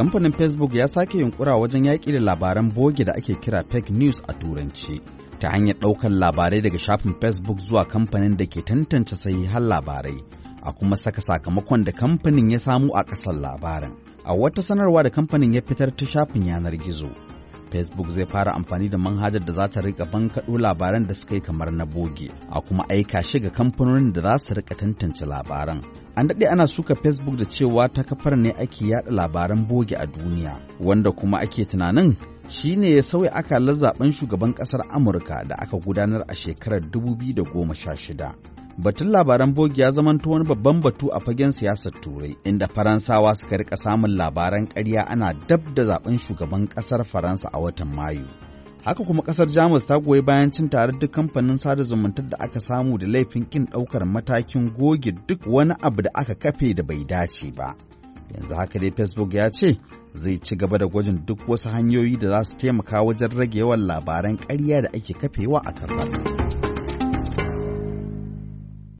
Kamfanin Facebook ya sake yunkura wajen yaƙi da labaran boge da ake kira fake news a turanci ta hanyar ɗaukar labarai daga shafin Facebook zuwa kamfanin da ke tantance sahihan labarai a kuma saka sakamakon da kamfanin ya samu a ƙasar labaran A wata sanarwa da kamfanin ya fitar ta shafin yanar gizo, facebook zai fara amfani da manhajar da za ta rika bankaɗo labaran da suka yi kamar na boge a kuma aika shi ga kamfanonin da za su rika tantance labaran an daɗe ana suka facebook da cewa ta kafar ne ake yada labaran boge a duniya wanda kuma ake tunanin shi ne ya sauya akalar zaben shugaban ƙasar amurka da aka gudanar a shekarar 2016 batun labaran bogi ya zamanto wani babban batu a fagen siyasar turai inda faransawa suka rika samun labaran karya ana dab da zaben shugaban ƙasar faransa a watan mayu haka kuma ƙasar jamus ta goyi bayan cin tare duk kamfanin sada zumuntar da aka samu da laifin kin ɗaukar matakin goge duk wani abu da aka kafe da bai dace ba yanzu haka dai facebook ya ce zai ci gaba da gwajin duk wasu hanyoyi da za su taimaka wajen rage yawan labaran karya da ake kafewa a kan